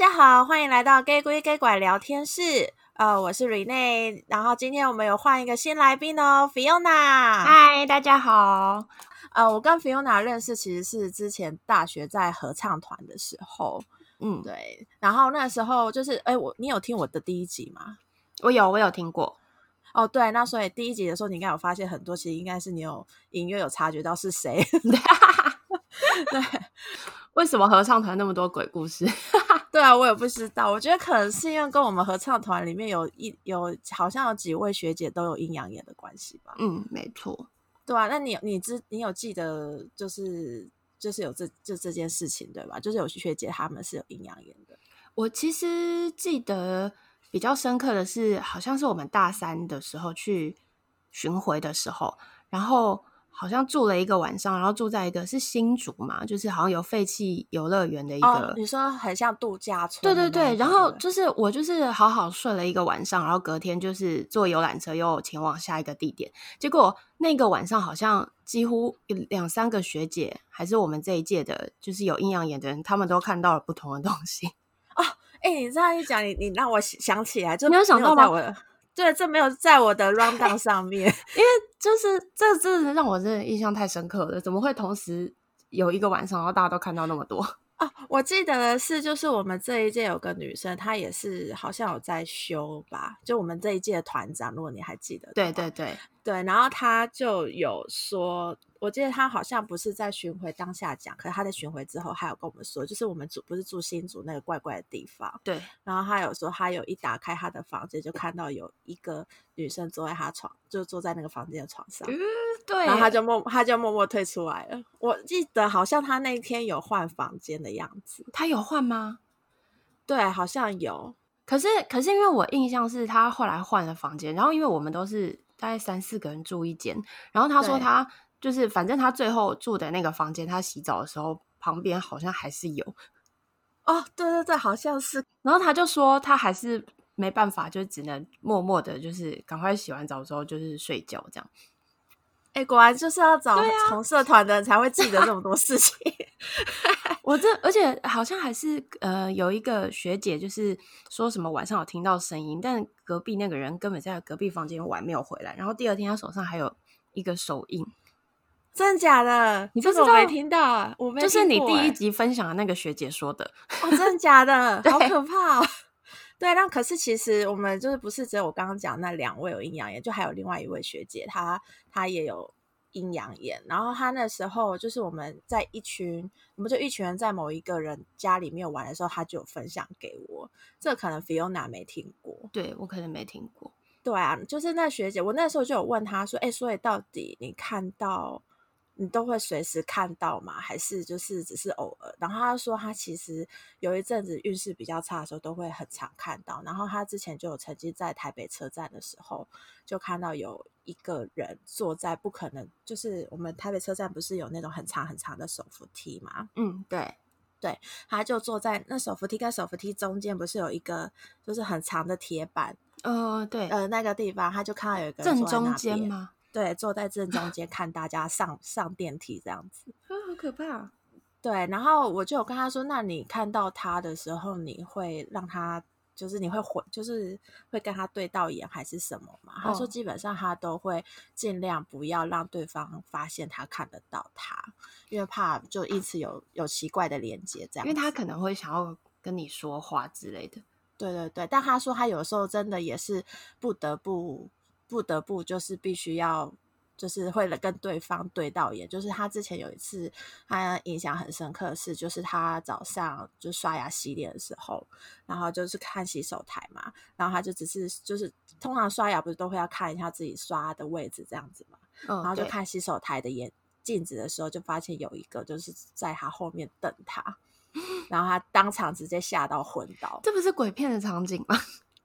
大家好，歡迎來到假鬼假怪聊天室。呃，我是 Renee，然後今天我們有換一個新來賓哦，Fiona。嗨，大家好。呃，我跟 Fiona 認識其實是之前大學在合唱團的時候。嗯，對。然後那時候就是，哎，我你有聽我的第一集嗎？我有，我有聽過。哦，對。那所以第一集的時候，你應該有發現很多，其實應該是你有隱約有察覺到是誰。 對。為什麼合唱團那麼多鬼故事？對啊，我也不知道，我覺得可能是因為跟我們合唱團裡面有一有，有，好像有幾位學姐都有陰陽眼的關係吧。嗯，沒錯。對啊，那你你知你，你有記得，就是就是有這就這件事情對吧？就是有學姐他們是有陰陽眼的。我其實記得比較深刻的是，好像是我們大三的時候去巡迴的時候，然後。好像住了一個晚上，然後住在一個是新竹嘛，就是好像有廢棄遊樂園的一個，哦，你說很像度假村，那個。對對對，然後就是我就是好好睡了一個晚上，然後隔天就是坐遊覽車又前往下一個地點。結果那個晚上好像幾乎兩三個學姐，還是我們這一屆的，就是有陰陽眼的人，他們都看到了不同的東西。哦，誒，欸，你這樣一講，你你讓我想起來，就沒有想到我對，這沒有在我的 run down 上面，哎，因為就是這，這真的讓我真的印象太深刻了。怎麼會同時有一個晚上，然後大家都看到那麼多？哦，我記得的是就是我們這一屆有個女生，她也是好像有在修吧。就我們這一屆的團長，如果你還記得，對對對對。然後她就有說，我記得她好像不是在巡迴當下講，可是她在巡迴之後還有跟我們說，就是我們住不是住新竹那個怪怪的地方。對。然後她有說，她有一打開她的房間，就看到有一個女生坐在她床，就坐在那個房間的床上。對，然後他就默，他就默默退出來了。我記得好像他那天有換房間的樣子，他有換嗎？對，好像有。可是可是，因為我印象是他後來換了房間，然後因為我們都是大概三四個人住一間，然後他說他就是反正他最後住的那個房間，他洗澡的時候旁邊好像還是有。哦，對對對，好像是。然後他就說他還是沒辦法，就只能默默的，就是趕快洗完澡之後就是睡覺這樣。哎、欸，果然就是要找同社團的人才會記得這麼多事情。啊、 我這而且好像還是呃，有一個學姐就是說什麼晚上有聽到聲音，但隔壁那個人根本在隔壁房間玩，沒有回來，然後第二天她手上還有一個手印，真的假的？你這是、個、我沒聽到？我沒、欸、就是你第一集分享的那個學姐說的哦，真的假的？ 好可怕、哦！對，但可是其實我們就是不是只有我剛剛講那兩位有陰陽眼，就還有另外一位學姐，她她也有陰陽眼。然後她那時候就是我們在一群，我們就一群人在某一個人家裡面玩的時候，她就有分享給我。這個可能 Fiona 沒聽過，對，我可能沒聽過。對啊，就是那學姐，我那時候就有問她說：“哎，所以到底你看到？”你都會隨時看到嗎？還是就是只是偶爾？然後他說，他其實有一陣子運勢比較差的時候，都會很常看到。然後他之前就有曾經在台北車站的時候，就看到有一個人坐在不可能，就是我們台北車站不是有那種很長很長的手扶梯嘛？嗯，對對，他就坐在那手扶梯跟手扶梯中間，不是有一個就是很長的鐵板？呃，對，呃，那個地方他就看到有一個正中間嗎？對，坐在正中間看大家上 上電梯這樣子，嗯、哦，好可怕！對，然後我就跟他說：“那你看到他的時候，你會讓他，就是你會回，就是會跟他對到眼，還是什麼嘛、哦？”他說：“基本上他都會盡量不要讓對方發現他看得到他，因為怕就一直有有奇怪的連接，這樣，因為他可能會想要跟你說話之類的。”對對對，但他說他有時候真的也是不得不。不得不就是必須要，就是為了跟對方對到眼。就是他之前有一次他印象很深刻的事，就是他早上就刷牙洗臉的時候，然後就是看洗手台嘛，然後他就只是就是通常刷牙不是都會要看一下自己刷的位置這樣子嘛，然後就看洗手台的眼鏡子的時候，就發現有一個就是在他後面等他，然後他當場直接嚇到昏倒。 這不是鬼片的場景嗎？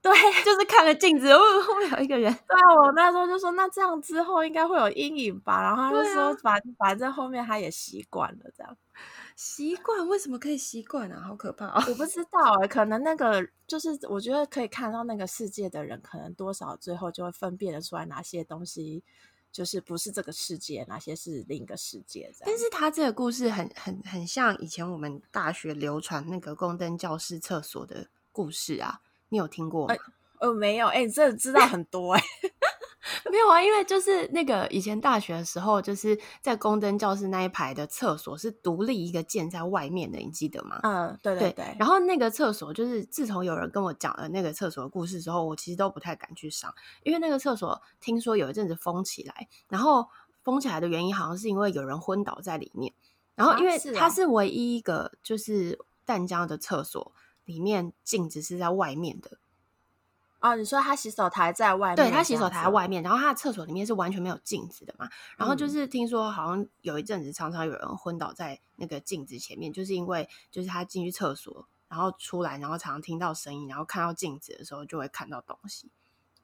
對，就是看個鏡子，後面有一個人。 對，我那時候就說，那這樣之後應該會有陰影吧？然後他就說，反、啊、反正後面他也習慣了這樣。習慣？為什麼可以習慣呢？好可怕、哦！我不知道啊、欸，可能那個就是我覺得可以看到那個世界的人，可能多少最後就會分辨得出來哪些東西就是不是這個世界，哪些是另一個世界。但是他這個故事很很很像以前我們大學流傳那個宮燈教室廁所的故事啊。你有聽過嗎？呃，呃，沒有。哎、欸，你真的知道很多，哎、欸， 沒有啊。因為就是那個以前大學的時候，就是在宮燈教室那一排的廁所是獨立一個建在外面的，你記得嗎？嗯，對對對。對，然後那個廁所就是自從有人跟我講了那個廁所的故事之後，我其實都不太敢去上，因為那個廁所聽說有一陣子封起來，然後封起來的原因好像是因為有人昏倒在裡面，然後因為它是唯一一個就是淡江的廁所。啊裡面鏡子是在外面的哦？你說他洗手台在外面？對，他洗手台在外面，然後他的廁所裡面是完全沒有鏡子的嘛？然後就是聽說，好像有一陣子常常有人昏倒在那個鏡子前面，就是因為就是他進去廁所，然後出來，然後常常聽到聲音，然後看到鏡子的時候就會看到東西。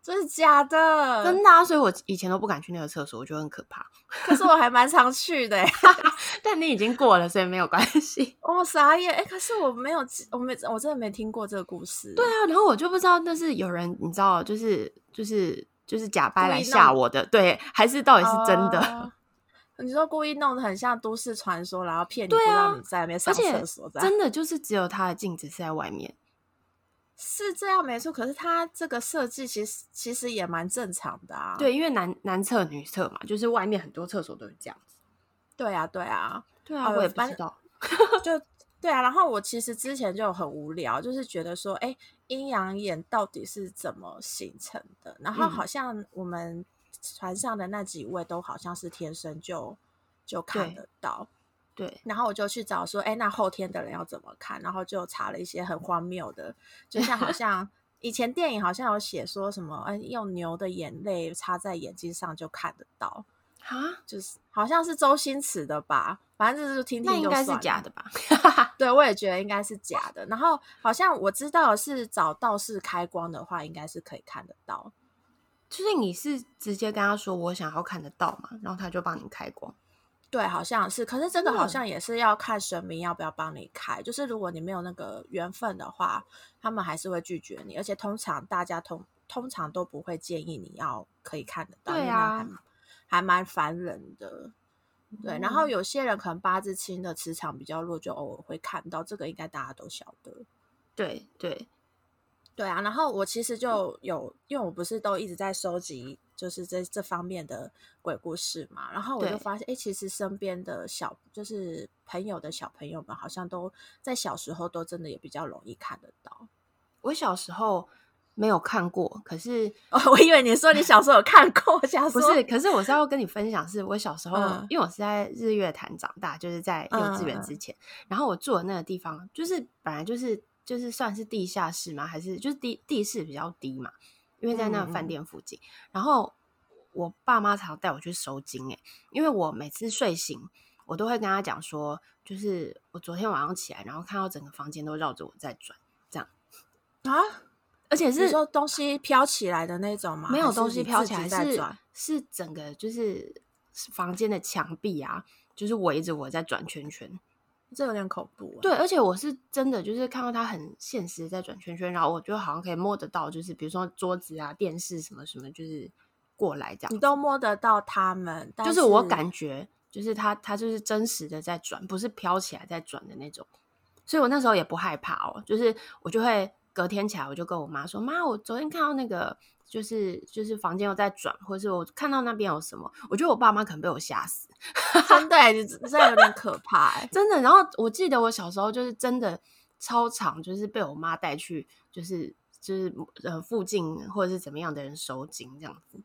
真的假的？真的，啊，所以我以前都不敢去那個廁所，我覺得很可怕。 可是我還蠻常去的， 但你已經過了，所以沒有關係。哦、oh, 傻眼，哎、欸，可是我沒有，我沒，我真的沒聽過這個故事。對啊，然後我就不知道那是有人，你知道，就是就是就是假掰來嚇我的，對，還是到底是真的？Uh, 你說故意弄得很像都市傳說，然後騙你，不知道你在外面上廁所在、啊而且，真的就是只有他的鏡子是在外面。是這樣沒錯，可是它這個設計其實其實也蠻正常的啊。對，因為男男廁女廁嘛，就是外面很多廁所都是這樣子。對啊，對啊，對啊，呃、我也不知道。 就對啊，然後我其實之前就很無聊，就是覺得說，哎、欸，陰陽眼到底是怎麼形成的？然後好像我們船上的那幾位都好像是天生就就看得到。對，然後我就去找說，哎、欸，那後天的人要怎麼看？然後就查了一些很荒謬的，就像好像以前電影好像有寫說什麼，哎、欸，用牛的眼淚擦在眼睛上就看得到。哈，就是好像是周星馳的吧？反正就是聽聽，那應該是假的吧？ 對，我也覺得應該是假的。然後好像我知道是找道士開光的話，應該是可以看得到。就是你是直接跟他說我想要看得到嘛，然後他就幫你開光。對，好像是，可是這個好像也是要看神明要不要幫你開、嗯，就是如果你沒有那個緣分的話，他們還是會拒絕你，而且通常大家通通常都不會建議你要可以看得到，對呀、因為，還蠻煩人的。對、嗯，然後有些人可能八字輕的磁場比較弱，就偶爾會看到，這個應該大家都曉得。對對。對啊，然後我其實就有，因為我不是都一直在收集，就是這這方面的鬼故事嘛。然後我就發現，哎，其實身邊的小，就是朋友的小朋友們，好像都在小時候都真的也比較容易看得到。我小時候沒有看過，可是、哦、我以為你說你小時候有看過， 我想說、不是？可是我是要跟你分享是，是我小時候、嗯，因為我是在日月潭長大，就是在幼稚園之前，嗯嗯然後我住的那個地方，就是本來就是。就是算是地下室嗎？還是就是地地勢比較低嘛？因為在那個飯店附近、嗯。然後我爸媽常帶我去收驚哎、欸，因為我每次睡醒，我都會跟他講說，就是我昨天晚上起來，然後看到整個房間都繞着我在轉，這樣啊，而且是說東西飄起來的那種嘛？沒有東西飄起來是，是在轉是整個就是房間的牆壁啊，就是圍着我在轉圈圈。這個，有點恐怖。對，而且我是真的，就是看到他很現實，在轉圈圈，然後我就好像可以摸得到，就是比如說桌子啊、電視什麼什麼，就是過來這樣，你都摸得到他們。但是就是我感覺，就是他，他就是真實的在轉，不是飄起來在轉的那種。所以我那時候也不害怕哦，就是我就會隔天起來，我就跟我媽說：“媽，我昨天看到那個。”就是就是房間又在轉，或者是我看到那邊有什麼，我覺得我爸媽可能被我嚇死，真的 真的有點可怕哎、欸，真的。然後我記得我小時候就是真的超常，就是被我媽帶去、就是，就是就是呃附近或者是怎麼樣的人收驚這樣子。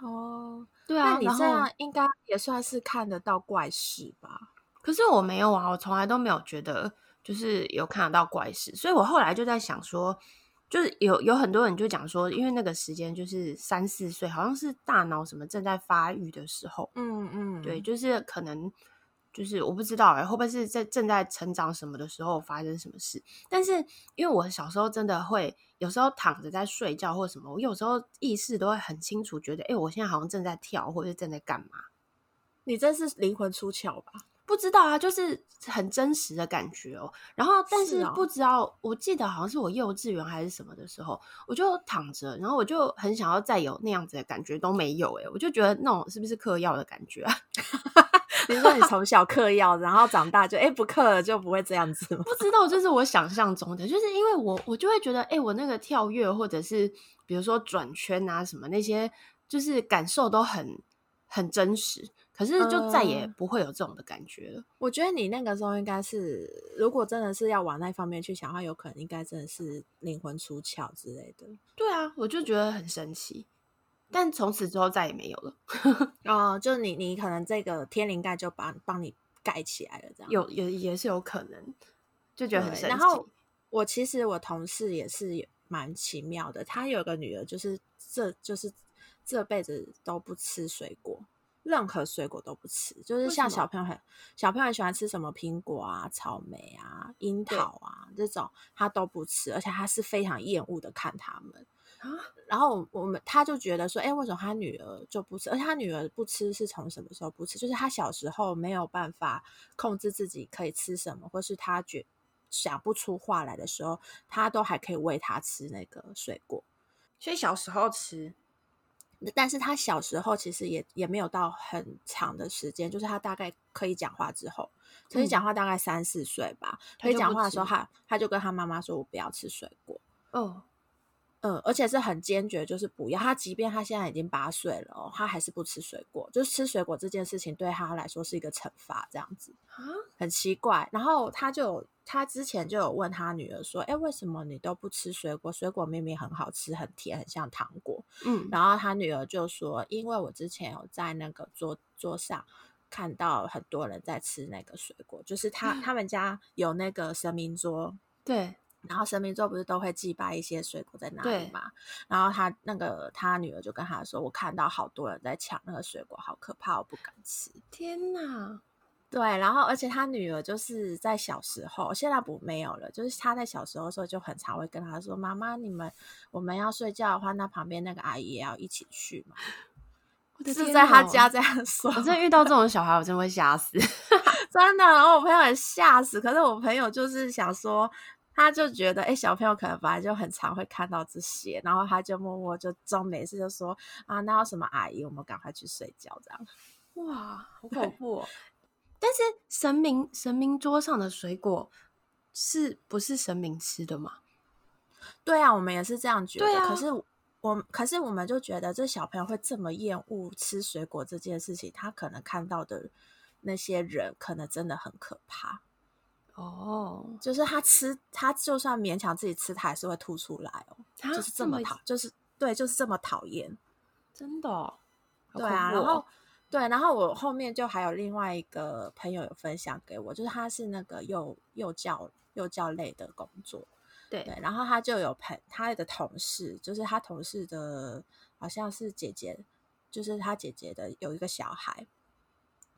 哦，對啊，那你這樣應該也算是看得到怪事吧？可是我沒有啊，我從來都沒有覺得就是有看得到怪事，所以我後來就在想說。就是有有很多人就講說，因為那個時間就是三四歲，好像是大腦什麼正在發育的時候，嗯嗯，對，就是可能就是我不知道哎，會不會是在正在成長什麼的時候發生什麼事？但是因為我小時候真的會有時候躺着在睡覺或什麼，我有時候意識都會很清楚，覺得哎，我現在好像正在跳或者是正在幹嘛？你真是靈魂出竅吧？不知道啊，就是很真實的感覺哦、喔。然後，但是不知道，啊、我記得好像是我幼稚園還是什麼的時候，我就躺着，然後我就很想要再有那樣子的感覺都沒有哎、欸，我就覺得那種是不是嗑藥的感覺啊？你 說你從小嗑藥，然後長大就哎、 欸、不嗑了就不會這樣子嗎？不知道，就是我想象中的，就是因為我我就會覺得哎、欸，我那個跳躍或者是比如說轉圈啊什麼那些，就是感受都很很真實。可是，就再也不會有這種的感覺了。呃，我覺得你那個時候應該是，如果真的是要往那方面去想的話，有可能應該真的是靈魂出竅之類的。對啊，我就覺得很神奇，但從此之後再也沒有了。 哦，就你，你可能這個天靈蓋就幫幫你蓋起來了，這樣有也也是有可能，就覺得很神奇。然後我其實我同事也是蠻奇妙的，她有一個女兒就，就是這就是這輩子都不吃水果。任何水果都不吃，就是像小朋友很，小朋友很喜歡吃什麼蘋果啊、草莓啊、櫻桃啊這種，他都不吃，而且他是非常厭惡的看他們。啊，然後我們他就覺得說，哎、欸，為什麼他女兒就不吃？而且他女兒不吃是從什麼時候不吃？就是他小時候沒有辦法控制自己可以吃什麼，或是他覺想不出話來的時候，他都還可以餵他吃那個水果。所以小時候吃。但是他小時候其實也也沒有到很長的時間，就是他大概可以講話之後，可以講話大概三四歲吧。可以講話的時候他，他他就跟他媽媽說：“我不要吃水果。”哦。嗯、而且是很堅決，就是不要他。即便他現在已經八歲了，哦，他還是不吃水果。就是吃水果這件事情對他來說是一個懲罰，這樣子很奇怪。然後他就他之前就有問他女兒說：“哎、欸，為什麼你都不吃水果？水果明明很好吃，很甜，很像糖果。”嗯，然後他女兒就說：“因為我之前有在那個桌桌上看到很多人在吃那個水果，就是他、嗯、他們家有那個神明桌。”對。然後神明座不是都會祭拜一些水果在那裡嘛？然後他那個他女兒就跟他說：“我看到好多人在搶那個水果，好可怕，我不敢吃。”天哪！對，然後而且他女兒就是在小時候，現在不沒有了。就是他在小時候的時候就很常會跟她說：“媽媽，你們我們要睡覺的話，那旁邊那個阿姨也要一起去嘛？”是在她家這樣說。我的 我真的遇到這種小孩，我真的會嚇死， 真的。然後我朋友也嚇死，可是我朋友就是想說。他就覺得，哎，欸，小朋友可能本來就很常會看到這些，然後他就默默就裝沒事，就說啊，那有什麼阿姨，我們趕快去睡覺這樣。哇，好恐怖哦！但是神明神明桌上的水果是不是神明吃的嗎？對啊，我們也是這樣覺得。啊，可是我們，可是我們就覺得這小朋友會這麼厭惡吃水果這件事情，他可能看到的那些人可能真的很可怕。哦、oh.，就是他吃，他就算勉強自己吃，他還是會吐出來哦。就是這麼討，就是對，就是這麼討厭，真的，哦哦。對啊，然後對，然後我後面就還有另外一個朋友有分享給我，就是他是那個幼幼教幼教類的工作，對對，然後他就有朋他的同事，就是他同事的好像是姐姐，就是他姐姐的有一個小孩。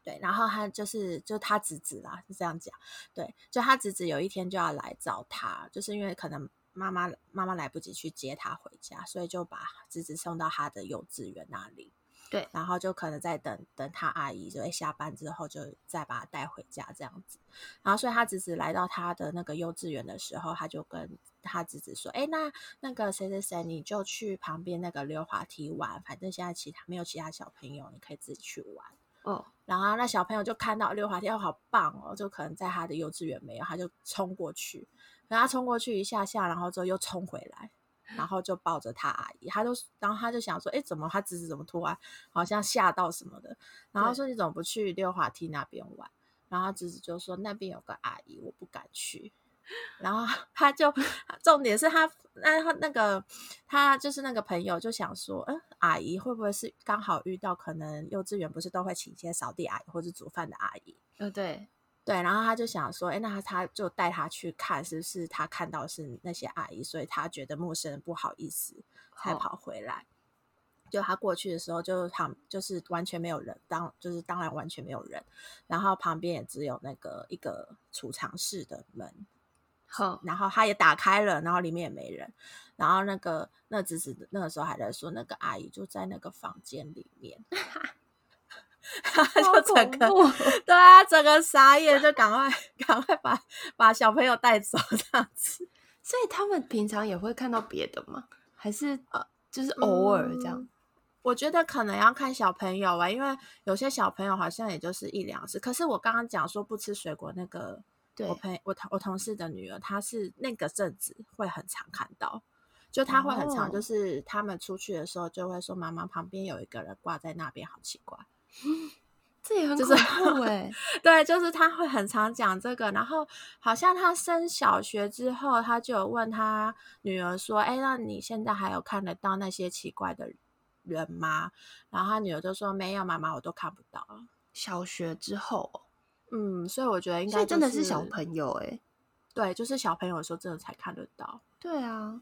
對，然後他就是就他侄子啦，是這樣講。對，就他侄子有一天就要來找他，就是因為可能媽媽媽媽來不及去接他回家，所以就把侄子送到他的幼稚園那裡。對，然後就可能再等等他阿姨就會下班之後，就再把他帶回家這樣子。然後，所以他侄子來到他的那個幼稚園的時候，他就跟他侄子說：“哎，那那個誰誰誰，你就去旁邊那個溜滑梯玩，反正現在其他沒有其他小朋友，你可以自己去玩。”哦、oh.，然後那小朋友就看到溜滑梯，哦，好棒哦！就可能在他的幼稚園沒有，他就衝過去，然後他衝過去一下下，然後就又衝回來，然後就抱着他阿姨，他就然後他就想說，哎，怎麼他侄子怎麼突然好像嚇到什麼的？然後說你怎麼不去溜滑梯那邊玩？然後他侄子就說那邊有個阿姨，我不敢去。然後他就重點是他那那個他就是那個朋友就想說，嗯、呃，阿姨會不會是剛好遇到？可能幼稚園不是都會請一些掃地阿姨或者煮飯的阿姨？嗯，對對。然後他就想說，哎，那他就帶他去看，是不是他看到的是那些阿姨，所以他覺得陌生人不好意思，才跑回來。哦。就他過去的時候就，就是他就是完全沒有人，當就是當然完全沒有人，然後旁邊也只有那個一個儲藏室的門。哼，然後他也打開了，然後裡面也沒人，然後那個那只是，那個時候還在說，那個阿姨就在那個房間裡面，他就整個對啊，整個傻眼，就趕快趕快把把小朋友帶走這樣子。所以他們平常也會看到別的嗎？還是呃，就是偶爾這樣？呃，嗯，我覺得可能要看小朋友吧，啊，因為有些小朋友好像也就是一兩次。可是我剛剛講說不吃水果那個。我朋我同我同事的女兒，她是那個陣子會很常看到，就她會很常就是他們出去的時候就會說媽媽、哦、旁邊有一個人掛在那邊，好奇怪，這也很恐怖，欸就是， 對，就是她會很常講這個，然後好像她升小學之後，她就問她女兒說：“哎、欸，那你現在還有看得到那些奇怪的人嗎？”然後她女兒就說：“沒有，媽媽，我都看不到。”小學之後。嗯，所以我覺得應該、就是，所以真的是小朋友哎、欸，對，就是小朋友的時候，真的才看得到。對啊，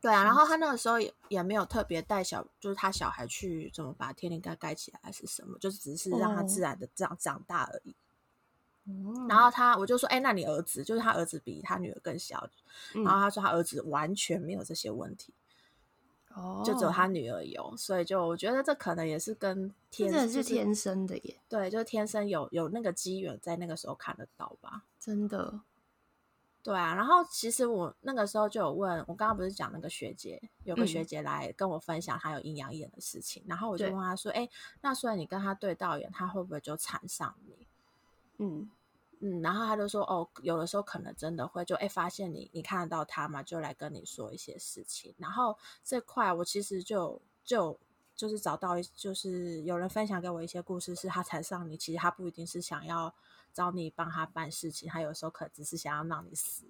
對啊，嗯、然後他那個時候也也沒有特別帶小，就是他小孩去怎麼把天靈蓋蓋起來，來是什麼，就是只是讓他自然的長、哦、長大而已。嗯、然後他我就說，哎、欸，那你兒子就是他兒子比他女兒更小，然後他說他兒子完全沒有這些問題。嗯哦、oh，就只有他女兒有，所以就我覺得這可能也是跟天，這是天生的耶、就是，對，就是天生有有那個機緣，在那個時候看得到吧？真的，對啊。然後其實我那個時候就有問我剛剛不是講那個學姐，有個學姐來跟我分享她有陰陽眼的事情、嗯，然後我就問她說：“哎，那雖然你跟她對到眼，她會不會就纏上你？”嗯。嗯，然後他就說，哦，有的時候可能真的會就，就哎，發現你，你看得到他嘛，就來跟你說一些事情。然後這塊，我其實就就就是找到，就是有人分享給我一些故事，是他纏上你，其實他不一定是想要找你幫他辦事情，他有時候可能只是想要讓你死。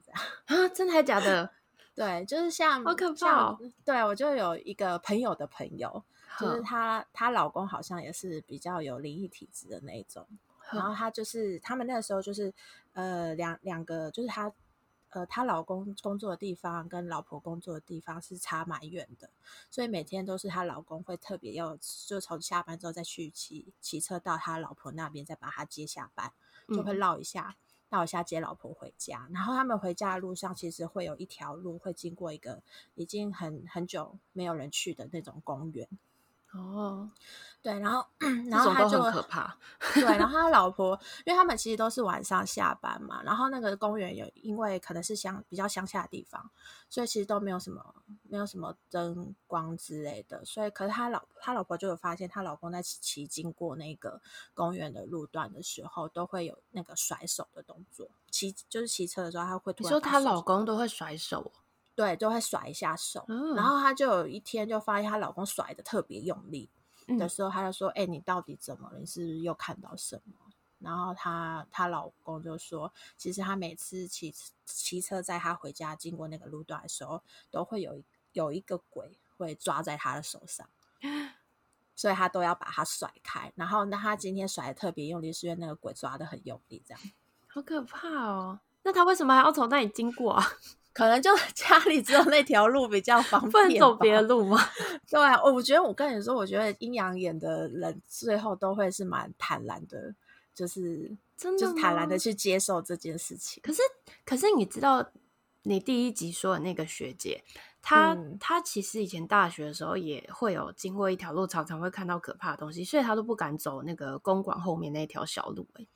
啊，真的還假的？ 對，就是像好可怕哦，我。對，我就有一個朋友的朋友，就是她她老公好像也是比較有靈異體質的那一種。嗯、然後她就是，他們那個時候就是，呃，兩兩個就是她，呃，她老公工作的地方跟老婆工作的地方是差蠻遠的，所以每天都是她老公會特別要，就從下班之後再去騎騎車到他老婆那邊，再把她接下班，就會繞一下、嗯，繞一下接老婆回家。然後他們回家的路上，其實會有一條路會經過一個已經很很久沒有人去的那種公園。哦，對，然後，嗯，然後他就可怕。對，然後他老婆， 因為他們其實都是晚上下班嘛，然後那個公園有，因為可能是鄉比較鄉下的地方，所以其實都沒有什麼，沒有什麼燈光之類的。所以，可是他老他老婆就有發現，他老公在騎騎經過那個公園的路段的時候，都會有那個甩手的動作。騎就是騎車的時候，他會突然你說他老公都會甩手哦。對，就會甩一下手，哦、然後她就有一天就發現她老公甩得特別用力的時候，她、嗯、就說：“哎、欸，你到底怎麼了？你是不是又看到什麼？”然後她她老公就說：“其實她每次騎騎車在她回家經過那個路段的時候，都會有一有一個鬼會抓在他的手上，所以他都要把她甩開。然後那她今天甩得特別用力，是因為那個鬼抓得很用力，這樣好可怕哦！那她為什麼還要從那裡經過啊？”可能就家裡只有那條路比較方便，不能走別路嘛。 對啊，我覺得我跟你說，我覺得陰陽眼的人最後都會是蠻坦然的，就是真的，就是、坦然的去接受這件事情。可是，可是你知道，你第一集說的那個學姐，她、嗯、她其實以前大學的時候也會有經過一條路，常常會看到可怕的東西，所以她都不敢走那個公館後面那條小路、欸。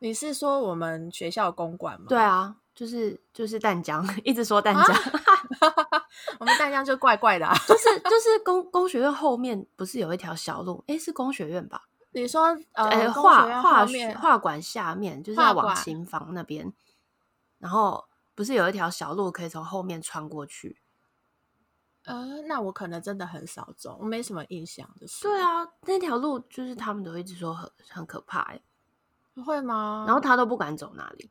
你是說我們學校公館嗎？對啊。就是就是淡江，一直說淡江，啊、 我們淡江就怪怪的、啊 就是。就是就是工工學院後面不是有一條小路，誒、欸，是工學院吧？你說，呃，化、欸、化學，化館下面，就是要往琴房那邊，然後不是有一條小路可以從後面穿過去？呃，那我可能真的很少走，我沒什麼印象的、就是。對啊，那條路就是他們都一直說很很可怕，不會嗎？然後他都不敢走那裡。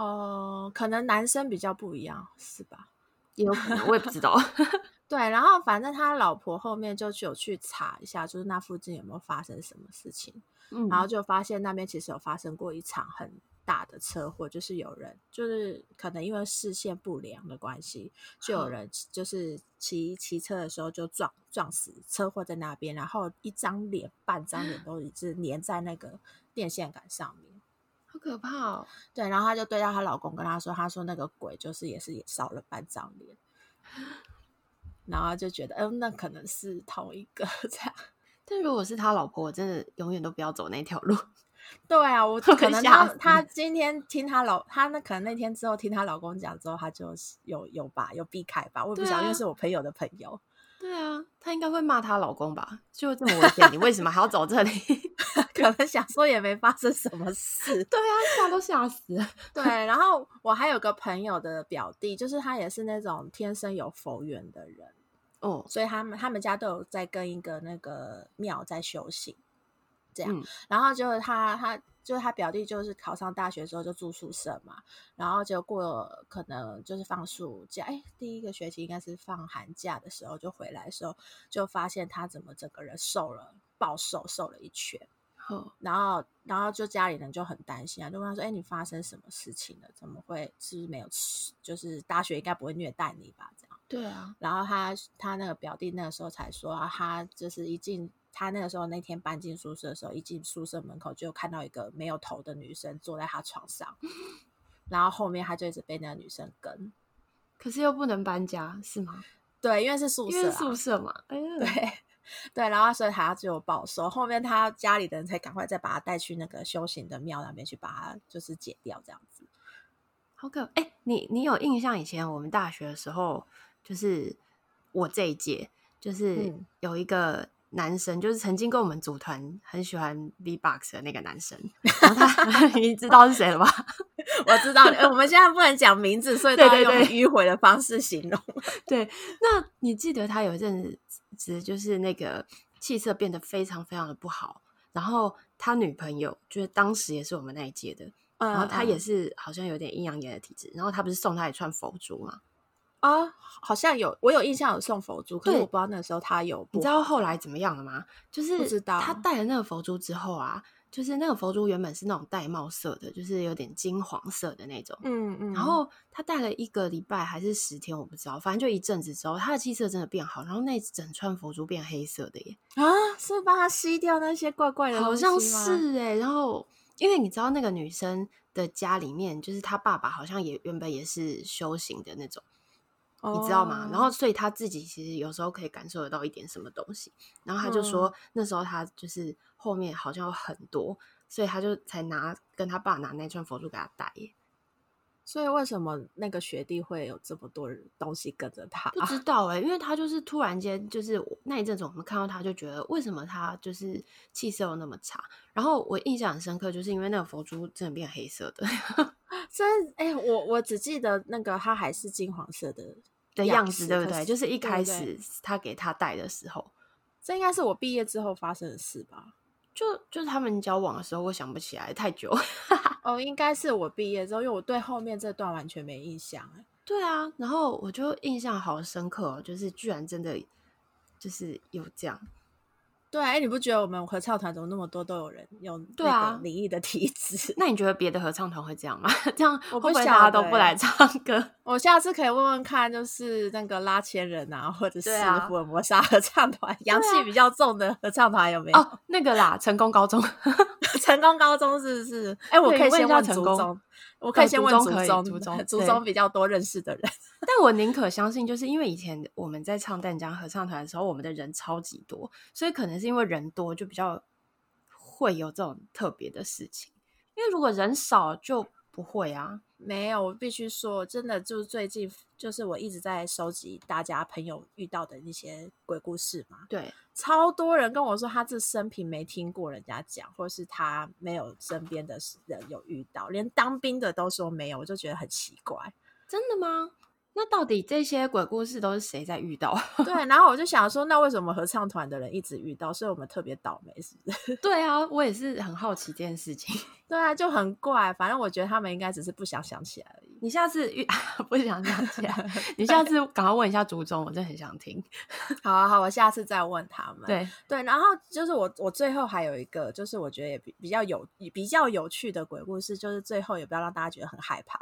哦、uh，可能男生比較不一樣，是吧？也有可能，我也不知道。 對，然後反正他老婆後面就有去查一下，就是那附近有沒有發生什麼事情。嗯，然後就發現那邊其實有發生過一場很大的車禍，就是有人就是可能因為視線不良的關係，就有人就是騎騎車的時候就撞撞死，車禍在那邊，然後一張臉半張臉都一直粘在那個電線桿上面。 好可怕哦！對，然後她就對到她老公跟她說，她說那個鬼就是也是也少了半張臉，然後就覺得，嗯，那可能是同一個這樣。但如果是她老婆，我真的永遠都不要走那條路。對啊，我可能她他，他今天聽她老她那可能那天之後聽她老公講之後，她就有有吧有避開吧，我也不曉得，因為是我朋友的朋友。對啊，她應該會罵她老公吧？就這麼危險，你為什麼還要走這裡？ 可能想說也沒發生什麼事。 對啊，嚇都嚇死。 對，然後我還有個朋友的表弟，就是他也是那種天生有佛緣的人哦、嗯，所以他們他們家都有在跟一個那個廟在修行，這樣。嗯、然後就是他他。他就他表弟，就是考上大學的時候就住宿舍嘛，然後就過了可能就是放暑假，哎、欸，第一個學期應該是放寒假的時候就回來的時候，就發現他怎麼整個人瘦了，暴瘦，瘦了一圈。嗯、然後然後就家裡人就很擔心啊，就問他說：“哎、欸，你發生什麼事情了？怎麼會？是不是沒有？就是大學應該不會虐待你吧？”這樣。對啊。然後他他那個表弟那個時候才說、啊，他就是一進。他那個時候那天搬進宿舍的時候，一進宿舍門口就看到一個沒有頭的女生坐在他床上，然後後面他就一直被那個女生跟，可是又不能搬家是嗎？對，因為是宿舍，啊，因為是宿舍嘛，哎，對對，然後所以他就有暴瘦，後面他家裡的人才趕快再把他帶去那個修行的廟那邊去把他就是解掉，這樣子。好可哎，欸，你你有印象？以前我們大學的時候，就是我這一屆，就是有一個，嗯。男生就是曾經跟我們組團很喜歡 V Box 的那個男生，然後他， 你知道是誰了嗎？ 我知道、欸，我們現在不能講名字，所以他對對對，用迂迴的方式形容。對， 那你記得他有一陣子就是那個氣色變得非常非常的不好，然後他女朋友就是當時也是我們那一屆的，然後他也是好像有點陰陽眼的體質，然後他不是送他一串佛珠嗎？啊、uh，好像有，我有印象有送佛珠，可是我不知道那個時候他有不。你知道後來怎麼樣了嗎？就是不知道他戴了那個佛珠之後啊，就是那個佛珠原本是那種玳瑁色的，就是有點金黃色的那種。嗯嗯。然後他戴了一個禮拜還是十天，我不知道，反正就一陣子之後，他的氣色真的變好，然後那整串佛珠變黑色的耶！啊，是幫他吸掉那些怪怪的東西，好像是哎、欸。然後，因為你知道那個女生的家裡面，就是她爸爸好像也原本也是修行的那種。你知道嗎？Oh. 然後，所以他自己其實有時候可以感受得到一點什麼東西，然後他就說那時候他就是後面好像有很多，oh. 所以他就才拿跟他爸拿那串佛珠給他戴耶。所以為什麼那個學弟會有這麼多東西跟着他、啊？不知道哎、欸，因為他就是突然間，就是那一陣子我們看到他就覺得，為什麼他就是氣色有那麼差？然後我印象很深刻，就是因為那個佛珠真的變黑色的。所以 哎、欸，我我只記得那個他還是金黃色的樣的樣子，對不對？就是一開始他給他戴的時候，對對，這應該是我畢業之後發生的事吧。就就是他們交往的時候，我想不起來，太久。 哦，應該是我畢業之後，因為我對後面這段完全沒印象。對啊，然後我就印象好深刻哦，就是居然真的就是有這樣。對，哎、欸，你不覺得我們合唱團怎麼那麼多都有人用的？對啊，靈異的體質？那你覺得別的合唱團會這樣嗎？ 這樣我不想他都不來唱歌？我下次可以問問看，就是那個拉縴人啊，或者是福爾摩沙合唱團，陽氣、啊、比較重的合唱團有沒有、啊？哦，那個啦，成功高中， 成功高中是不是，哎、欸，我可以先問成功，我可以先問祖宗，祖宗、宗，祖宗比較多認識的人。 但我寧可相信，就是因為以前我們在唱淡江合唱團的時候，我們的人超級多，所以可能是因為人多就比較會有這種特別的事情，因為如果人少就。不會啊，沒有，我必須說，真的，就是最近，就是我一直在收集大家朋友遇到的那些鬼故事嘛。對，超多人跟我說，他這生平沒聽過人家講，或是他沒有身邊的人有遇到，連當兵的都說沒有，我就覺得很奇怪。真的嗎？那到底這些鬼故事都是誰在遇到？對，然後我就想說，那為什麼合唱團的人一直遇到，所以我們特別倒霉，是不是？對啊，我也是很好奇這件事情。 對啊，就很怪。反正我覺得他們應該只是不想想起來而已。你下次遇，啊、不想想起來， 你下次趕快問一下祖宗，我真的很想聽。好啊，好，我下次再問他們。對對，然後就是我，我最後還有一個，就是我覺得也比比較有比較有趣的鬼故事，就是最後也不要讓大家覺得很害怕。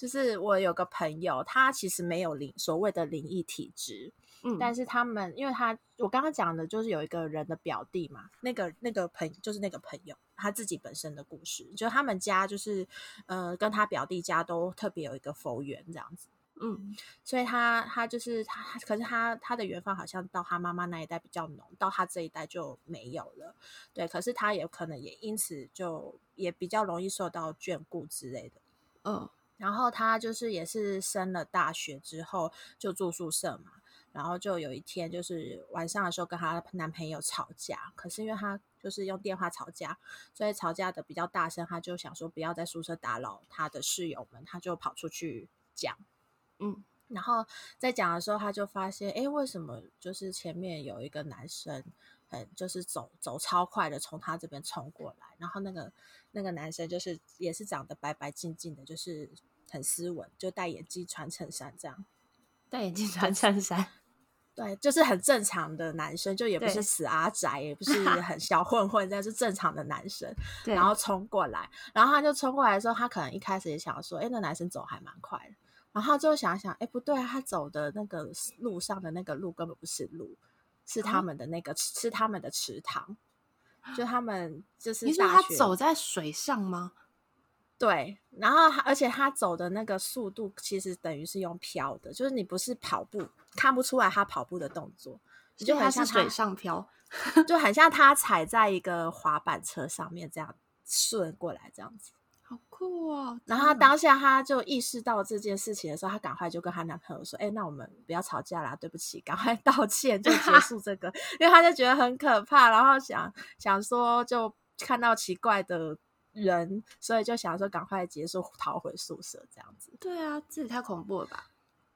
就是我有個朋友，他其實沒有靈所謂的靈異體質，嗯，但是他們因為他我剛剛講的就是有一個人的表弟嘛，那個那個朋就是那個朋友他自己本身的故事，就他們家就是呃跟他表弟家都特別有一個佛緣這樣子，嗯，所以他他就是他，可是他他的緣分好像到他媽媽那一代比較濃，到他這一代就沒有了，對，可是他也可能也因此就也比較容易受到眷顧之類的，嗯、哦。然後她就是也是升了大學之後就住宿舍嘛，然後就有一天就是晚上的時候跟她男朋友吵架，可是因為她就是用電話吵架，所以吵架的比較大聲，她就想說不要在宿舍打擾她的室友們，她就跑出去講，嗯，然後在講的時候，她就發現，哎，為什麼就是前面有一個男生很，就是走走超快的從她這邊衝過來，然後那個那個男生就是也是長得白白淨淨的，就是。很斯文，就戴眼鏡穿襯衫這樣。戴眼鏡穿襯衫、就是，對，就是很正常的男生，就也不是死阿宅，也不是很小混混，這樣是 正常的男生。對，然後衝過來，然後他就衝過來的時候，他可能一開始也想說，哎、欸，那男生走還蠻快的。然後最後想一想，哎、欸，不對、啊，他走的那個路上的那個路根本不是路，啊、是他們的那個是他們的池塘，就他們就是、啊、你知道他走在水上嗎？對，然後他而且他走的那個速度其實等於是用飄的，就是你不是跑步，看不出來他跑步的動作，是就很像水上漂， 就很像他踩在一個滑板車上面這樣順過來這樣子，好酷哦！然後他當下他就意識到這件事情的時候，他趕快就跟她男朋友說：“哎、欸，那我們不要吵架啦，對不起，趕快道歉，就結束這個。 ”因為他就覺得很可怕，然後想想說，就看到奇怪的。人，所以就想說趕快結束，逃回宿舍這樣子。對啊，這也太恐怖了吧！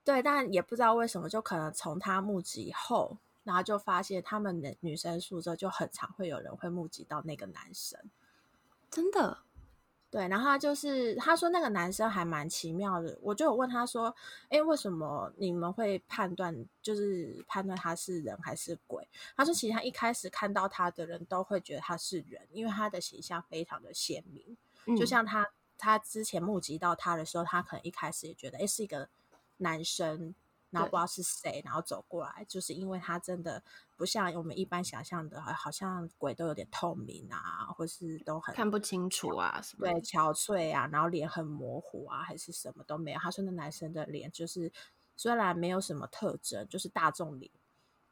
對，但也不知道為什麼，就可能從他目擊以後，然後就發現他們的女，女生宿舍就很常會有人會目擊到那個男生，真的。對，然後就是他說那個男生還蠻奇妙的，我就有問他說，哎，為什麼你們會判斷，就是判斷他是人還是鬼？他說，其實他一開始看到他的人都會覺得他是人，因為他的形象非常的鮮明，嗯、就像他他之前目擊到他的時候，他可能一開始也覺得，哎，是一個男生，然後不知道是誰，然後走過來，就是因為他真的。不像我們一般想象的，好像鬼都有點透明啊，或是都很看不清楚啊是，對，憔悴啊，然後臉很模糊啊，還是什麼都沒有。他說那男生的臉就是雖然沒有什麼特徵，就是大眾臉，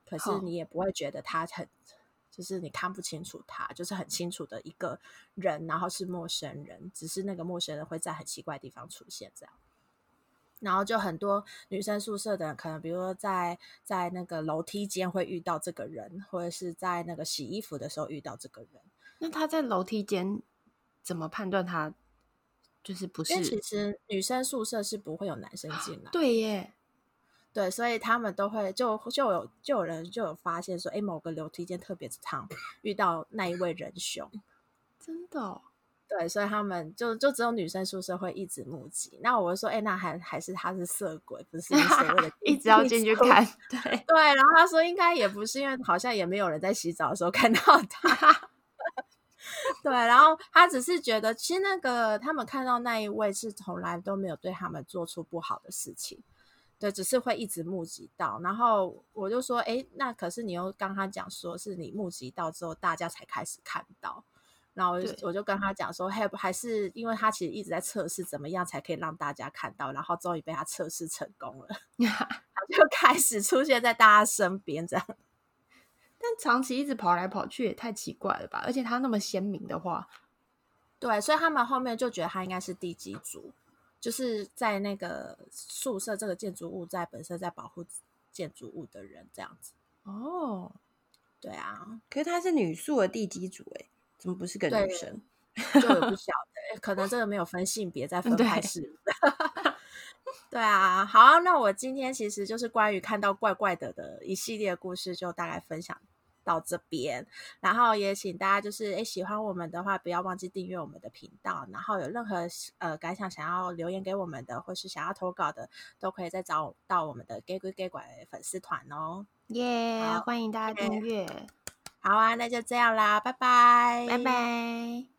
可是你也不會覺得他很，oh. 就是你看不清楚他，就是很清楚的一個人，然後是陌生人，只是那個陌生人會在很奇怪的地方出現這樣。然後就很多女生宿舍的人，可能比如說在在那個樓梯間會遇到這個人，或者是在那個洗衣服的時候遇到這個人。那他在樓梯間怎麼判斷他就是不是？因為其實女生宿舍是不會有男生進來的，對耶。對，所以他們都會就就有就有人就有發現說，哎，某個樓梯間特別常遇到那一位仁兄。 真的哦。對，所以他們就就只有女生宿舍會一直目擊。那我就說，哎、欸，那還還是他是色鬼，不是所謂的一直要進去看。對對，然後他說應該也不是，因為好像也沒有人在洗澡的時候看到他。 對，然後他只是覺得，其實那個他們看到那一位是從來都沒有對他們做出不好的事情。對，只是會一直目擊到。然後我就說，哎、欸，那可是你又剛剛講說是你目擊到之後，大家才開始看到。然後我就我就跟他講說，還還是因為他其實一直在測試怎麼樣才可以讓大家看到，然後終於被他測試成功了， 他就開始出現在大家身邊這樣。但長期一直跑來跑去也太奇怪了吧？而且他那麼鮮明的話，對，所以他們後面就覺得他應該是地基主，就是在那個宿舍這個建築物在本身在保護建築物的人這樣子。哦，對啊，可是他是女宿的地基主哎。怎麼不是個女生？就不曉得， 可能這個沒有分性別再分開是 對， 對啊，好，那我今天其實就是關於看到怪怪的的一系列故事，就大概分享到這邊。然後也請大家就是，哎，喜歡我們的話，不要忘記訂閱我們的頻道。然後有任何呃感想想要留言給我們的，或是想要投稿的，都可以再找到我們的“假鬼假怪”粉絲團哦。耶、yeah,，歡迎大家訂閱。Okay. 好啊，那就這樣啦，拜拜。拜拜。